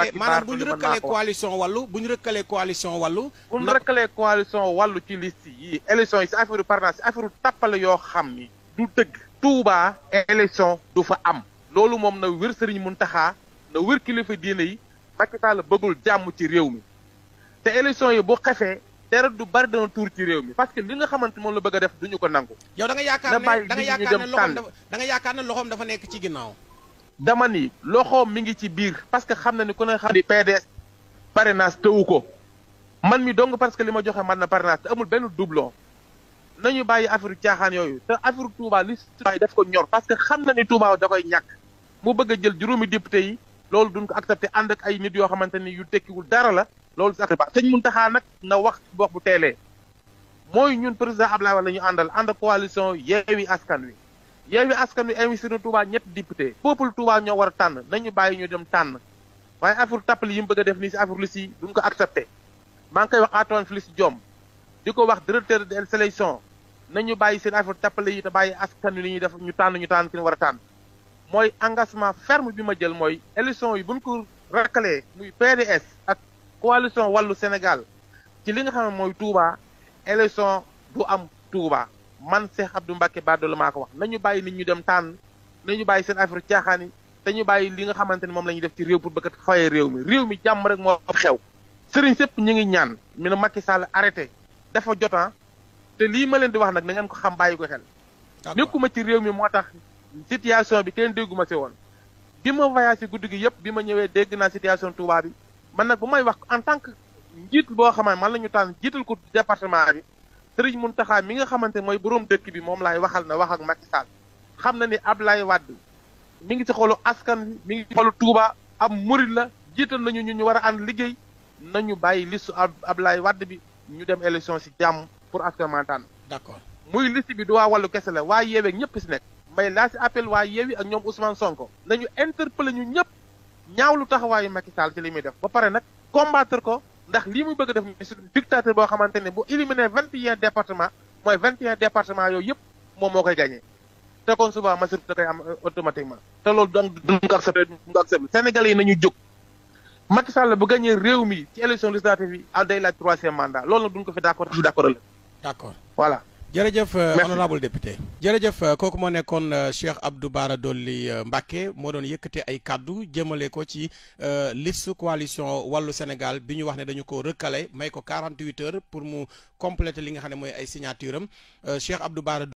rëkkalee maanaam bu ñu rëkkalee coalition wàllu bu ñu rëkkalee coalition wàllu bu ñu rëkkalee coalition wàllu ci liste yi élection yi si affaire parrainage si affaire tàppale yoo xam ni du dëgg Touba élection du fa am loolu moom na wér Sëriñ Muntaxa na wér kilifa diine yi Macky Sall bëggul jàmm ci réew mi te élection yi bu xefee dara du bari dana tuur ci réew mi parce que li nga xamante moom la bëgg a def duñu ko nangu yow da nga yaakaar ne da nga yaakaar ne loxoom dafa da dafa nekk ci ginnaaw dama ni loxoom mi ngi ci biir parce que xam na ni ku ne xam ni PDS parrainage tëwu ko man mi dong parce que li ma joxe man na parrainage te amul benn na ñu bàyyi affaire caaxaan yooyu te affaire Touba li yi daf ko ñor parce que xam na ni Touba da koy ñàkk mu bëgg a jël juróomi député yi loolu duñ ko accepté ànd ak ay nit yoo xamante ni yu tekkiwul dara la loolu si accepté sëñ Mountakha nag na wax wax bu teelee mooy ñun président Abdoulaye Wade la ñu àndal ànd coalition Yewwi Askan Wi Yewwi Askan Wi investir na Touba ñetti député peuple Touba ñoo war a tànn nañu bàyyi ñu dem tànn waaye affaire tappali yi mu bëgg a def nii si affaire lu si duñ ko accepté maa ngi koy wax Antoine Félix Diome di ko wax directeur de sélection nañu bàyyi seen affaire tappale yi te bàyyi askan wi li ñuy def ñu tànn ñu tànn ki ñu a tànn mooy engagement ferme bi ma jël mooy élection yi buñ ko rakkalee muy PDS ak coalition wallu Sénégal ci li nga xam ne mooy Touba élection du am Touba man Cheikh Abdou Mbacke Badolo maa ko wax nañu bàyyi nit ñu dem tànn nañu bàyyi seen affaire caaxaan yi te ñu bàyyi li nga xamante ni moom la def ci réew pour bëgg fayee réew mi réew mi jàmm rek moo xew. sëriñ sëpp ñu ngi ñaan mi ne Macky Sall arrêté dafa jotaan ah. te lii ma leen di wax nag na ngeen ko xam bàyyi ko xel. nekkuma ci réew mi moo tax situation bi kenn dégguma si woon. bi ma voyagé guddi gi yëpp bi ma ñëwee dégg naa situation Touba bi man nag may wax en tant que njiit boo xam ne man la ñu tànn jiital ko département bi. sëriñ Muntaxa mi nga xamante mooy boroom dëkk bi moom laay waxal na wax ak Macky Sall xam na ni ab lay Wade mi ngi ci xolu askan mi ngi ci xolu Touba am murid la jiital nañu ñu ñu war a ànd liggéey nañu bàyyi listu ab lay Wade bi ñu dem élection ci jàmm pour askan mantaan d'accord muy liste bi du waa wàllu kese la waa yeewee ñëpp si nekk may laa si appel waa yeewi ak ñoom Ousmane Sonko ñu interpellé ñu ñëpp ñaaw lu taxawaayu Macky Sall ci li muy def ba pare nag combattre ko ndax lii mu bëgg def ni c'est un boo xamante ne bu éliminé vingt et un département mooy vingt et un département yooyu yëpp moom moo koy gagné te kon souvent majorité da koy am euh, automatiquement te loolu donc duñ ko accepté duñ ko accepté Sénégalais yi nañu jóg Macky Sall bu gagné réew mi ci élection législative yi day laaj troisième mandat loolu nag duñ ko fi d'accord du la. d'accord voilà. jërëjëf euh, honorable député jërëjëf euh, kooku moo nekkoon euh, Cheikh Abdou Bara Dolly Mbacké moo doon yëkkate ay kàddu jëmale ko ci liste coalition wàllu Sénégal bi ñu wax ne dañu ko rëkkale may ko 48 heures pour mu compléter li nga xam ne mooy ay signature am Cheikh Abdou Bara